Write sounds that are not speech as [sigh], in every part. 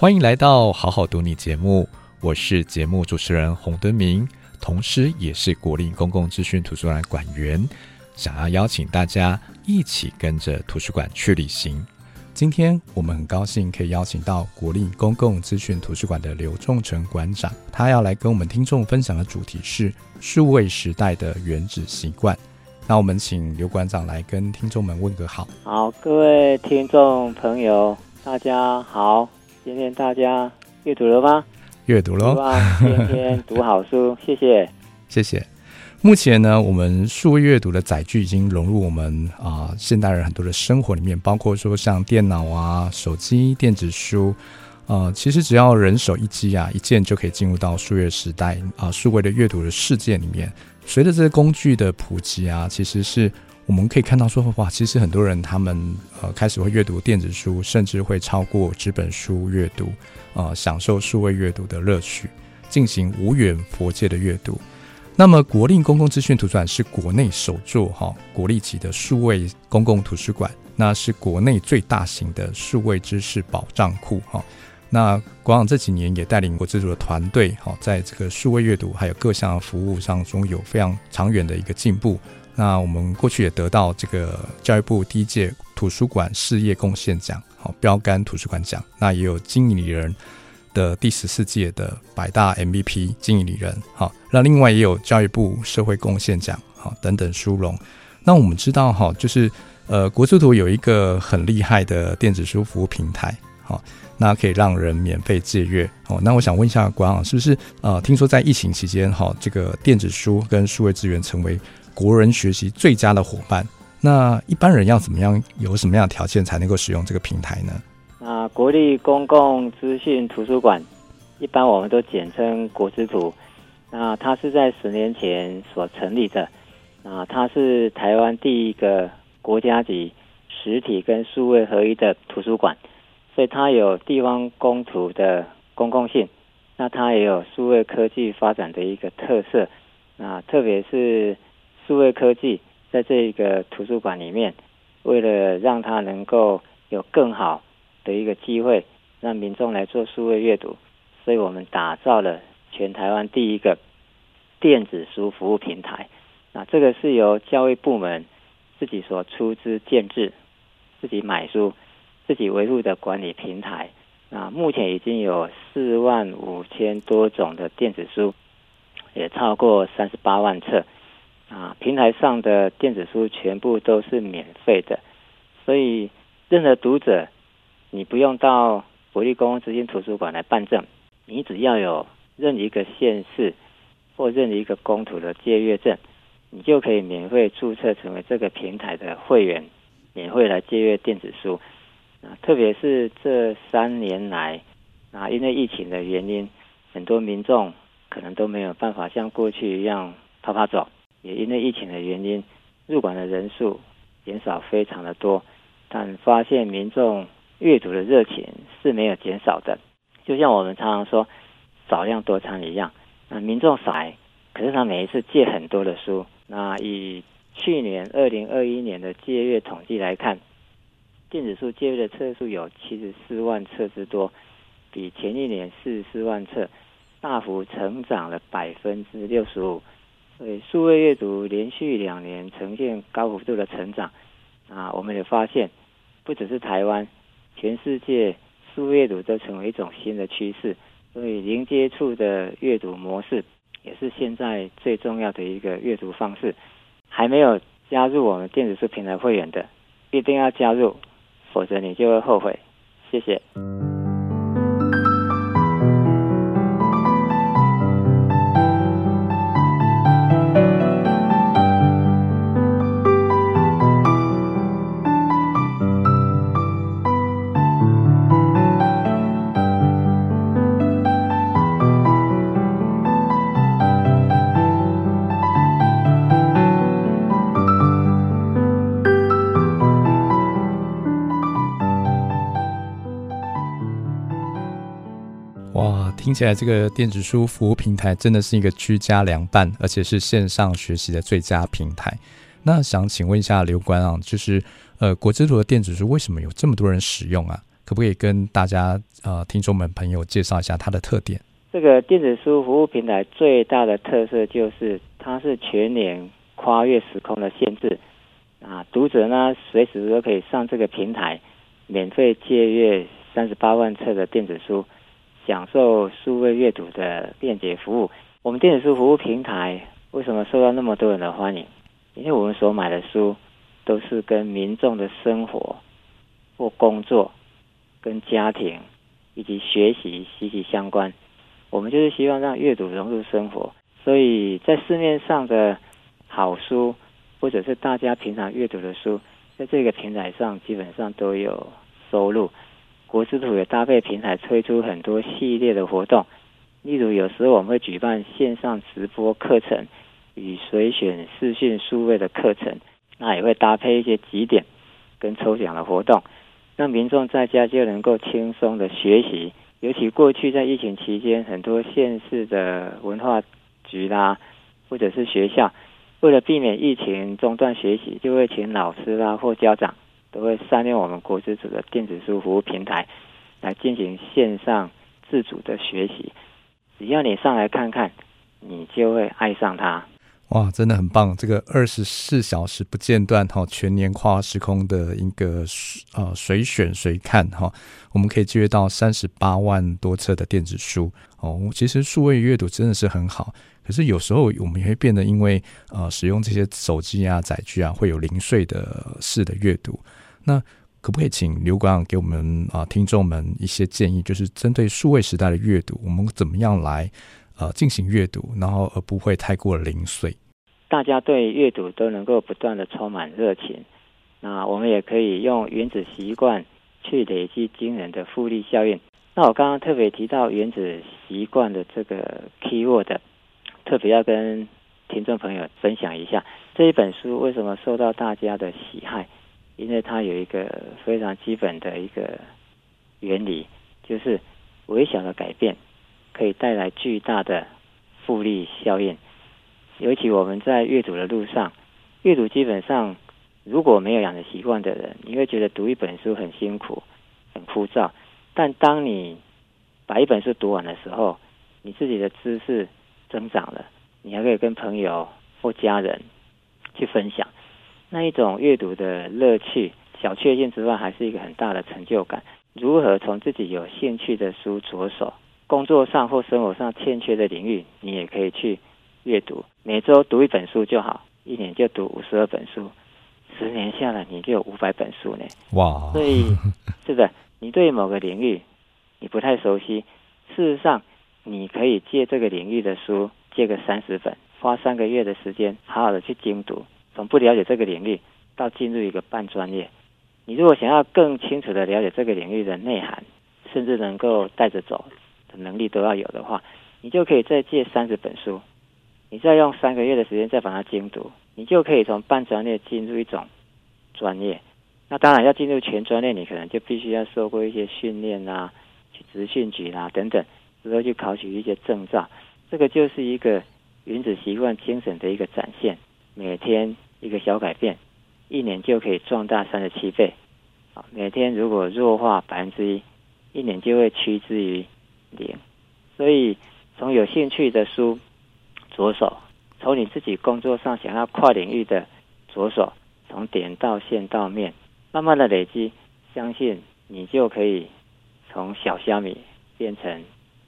歡迎來到《好好讀你》節目，我是節目主持人洪敦明，同時也是國立公共資訊圖書館館員，想要邀請大家一起跟着圖書館去旅行。今天我們很高興可以邀請到國立公共資訊圖書館的劉仲成館長，他要來跟我們聽眾分享的主題是數位時代的原子習慣。那我們請劉館長來跟聽眾們問個好。好，各位聽眾朋友，大家好。今天大家閱讀了嗎？閱讀嘍！哇，今天天讀好書， [laughs] 謝謝，謝謝。目前呢，我們數位閱讀的載具已經融入我們啊、呃、現代人很多的生活裡面，包括說像電腦啊、手機、電子書，呃，其實只要人手一機啊，一鍵就可以進入到數月時代啊、呃，數位的閱讀的世界裡面。隨着這些工具的普及啊，其實是。我們可以看到說，說哇，其實很多人他們呃開始會閱讀電子書，甚至會超過紙本書閱讀，呃，享受數位閱讀的樂趣，進行無遠弗屆的閱讀。那麼，國立公共資訊圖書館是國內首座哈、哦、國立級的數位公共圖書館，那是國內最大型的數位知識保障庫哈、哦。那館長這幾年也帶領國資圖的團隊哈、哦，在這個數位閱讀還有各項服務上，中有非常長遠的一個進步。那我們過去也得到這個教育部第一屆圖書館事業貢獻獎，好、哦、標杆圖書館獎。那也有經理人的第十四屆的百大 MVP 經理人，好、哦。那另外也有教育部社會貢獻獎，好、哦、等等殊榮。那我們知道，哈、哦、就是呃，國圖有一個很厲害的電子書服務平台，好、哦，那可以讓人免費借閱。哦，那我想問一下官，館長是不是呃聽說在疫情期間，哈、哦，這個電子書跟數位資源成為國人學習最佳的夥伴。那一般人要怎麼樣，有什麼樣的條件才能夠使用這個平台呢？啊，國立公共資訊圖書館，一般我們都簡稱國資圖。那它是在十年前所成立的，啊，它是台灣第一個國家級實體跟數位合一的圖書館，所以它有地方公圖的公共性，那它也有數位科技發展的一個特色，啊，特別是，數位科技在這一個圖書館裡面，為了讓它能夠有更好的一個機會，讓民眾來做數位閱讀，所以我們打造了全台灣第一個電子書服務平台。那這個是由教育部門自己所出資建置，自己買書、自己維護的管理平台。那目前已經有四萬五千多種的電子書，也超過三十八萬冊。啊，平台上的電子書全部都是免費的，所以任何讀者，你不用到國立公共資訊圖書館來辦證，你只要有任一個縣市或任一個公圖的借閱證，你就可以免費注冊成為這個平台的會員，免費來借閱電子書。啊，特別是這三年來，啊，因為疫情的原因，很多民眾可能都沒有辦法像過去一樣趴趴走。也因為疫情的原因，入館的人數減少非常的多，但發現民眾閱讀的熱情是沒有減少的。就像我們常常說“少量多餐”一樣，那民眾少，可是他每一次借很多的書。那以去年二零二一年的借閱統計來看，電子書借閱的冊數有七十四萬冊之多，比前一年四十四萬冊大幅成長了百分之六十五。對，數位閱讀連續兩年呈現高幅度的成長，啊，我們也發現不只是台灣，全世界數位閱讀都成為一種新的趨勢。所以零接觸的閱讀模式也是現在最重要的一個閱讀方式。還沒有加入我們電子書平台會員的，一定要加入，否則你就會後悔。謝謝。聽起來這個電子書服務平台真的是一個居家良伴，而且是線上學習的最佳平台。那想請問一下劉館啊，就是呃，國資圖的電子書為什麼有這麼多人使用啊？可不可以跟大家呃，聽眾們朋友介紹一下它的特點？這個電子書服務平台最大的特色就是它是全年跨越時空的限制啊，讀者呢，隨時都可以上這個平台免費借閱三十八萬冊的電子書。享受數位閱讀的便捷服務。我們電子書服務平台為什麼受到那麼多人的歡迎？因為我們所買的書都是跟民眾的生活、或工作、跟家庭以及學習息息相關。我們就是希望讓閱讀融入生活。所以在市面上的好書，或者是大家平常閱讀的書，在這個平台上基本上都有收入。國資圖也搭配平台推出很多系列的活動，例如有時候我們會舉辦線上直播課程與隨選視訊數位的課程，那也會搭配一些集點跟抽獎的活動，讓民眾在家就能夠輕鬆的學習。尤其過去在疫情期間，很多縣市的文化局啦、啊、或者是學校，為了避免疫情中斷學習，就會請老師啦、啊、或家長。都會善用我們國資圖的電子書服務平台，來進行線上自主的學習。只要你上來看看，你就會愛上它。哇，真的很棒！這個二十四小時不間斷，哈、哦，全年跨時空的一個啊，隨、呃、選隨看，哈、哦，我們可以借閱到三十八萬多冊的電子書哦。其實數位閱讀真的是很好，可是有時候我們也會變得因為呃，使用這些手機啊、載具啊，會有零碎的式、呃、的閱讀。那可不可以請劉館長給我們啊，聽眾們一些建議，就是針對數位時代的閱讀，我們怎麼樣來？啊，進行閱讀，然後而不會太過零碎。大家對閱讀都能夠不斷的充滿熱情，那我們也可以用原子習慣去累積驚人的複利效應。那我剛剛特別提到原子習慣的這個 keyword，特別要跟聽眾朋友分享一下這一本書為什麼受到大家的喜愛，因為它有一個非常基本的一個原理，就是微小的改變。可以帶來巨大的複利效應，尤其我們在閱讀的路上，閱讀基本上如果沒有養成習慣的人，你會覺得讀一本書很辛苦、很枯燥。但當你把一本書讀完的時候，你自己的知識增長了，你還可以跟朋友或家人去分享，那一種閱讀的樂趣。小確幸之外，還是一個很大的成就感。如何從自己有興趣的書着手？工作上或生活上欠缺的領域，你也可以去閱讀，每周讀一本書就好，一年就讀五十二本書，十年下來你就有五百本書呢。哇！Wow. 所以是的，你對於某個領域你不太熟悉，事實上，你可以借這個領域的書借個三十本，花三個月的時間好好的去精讀，從不了解這個領域到進入一個半專業。你如果想要更清楚地了解這個領域的內涵，甚至能夠帶着走。的能力都要有的話，你就可以再借三十本書，你再用三個月的時間再把它精讀，你就可以從半專業進入一種專業。那當然要進入全專業，你可能就必須要受過一些訓練啊，去職訓局啦、啊、等等，之後去考取一些證照。這個就是一個原子習慣精神的一個展現，每天一個小改變，一年就可以壯大三十七倍。好，每天如果弱化百分之一，一年就會趨之於。零。所以從有興趣的書着手，從你自己工作上想要跨領域的着手，從點到線到面，慢慢的累積，相信你就可以從小蝦米變成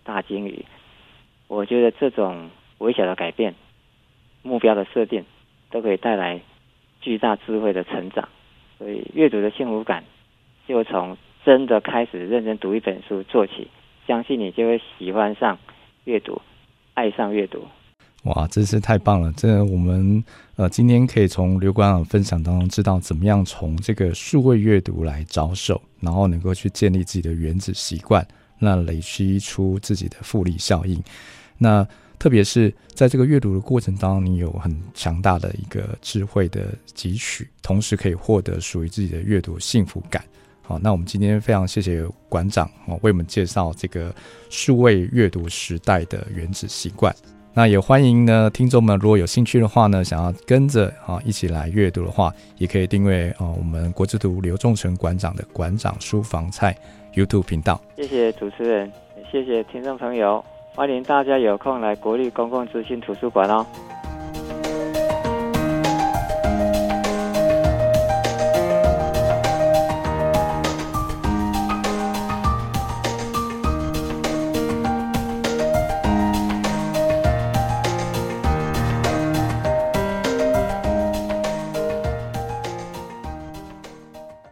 大鯨魚。我覺得這種微小的改變，目標的設定，都可以帶來巨大智慧的成長。所以閱讀的幸福感，就從真的開始認真讀一本書做起。相信你就會喜歡上閱讀，愛上閱讀。哇，真是太棒了！這我們呃，今天可以從劉局長分享當中知道，怎麼樣從這個數位閱讀來着手，然後能夠去建立自己的原子習慣，那累積出自己的複利效應。那特別是在這個閱讀的過程當中，你有很強大的一個智慧的汲取，同時可以獲得屬於自己的閱讀幸福感。那我們今天非常謝謝館長哦，為我們介紹這個數位閱讀時代的原子習慣。那也歡迎呢，聽眾們如果有興趣的話呢，想要跟着啊一起來閱讀的話，也可以訂閱啊，我們國資圖劉仲成館長的館長書房菜 YouTube 頻道。謝謝主持人，謝謝聽眾朋友，歡迎大家有空來國立公共資訊圖書館哦。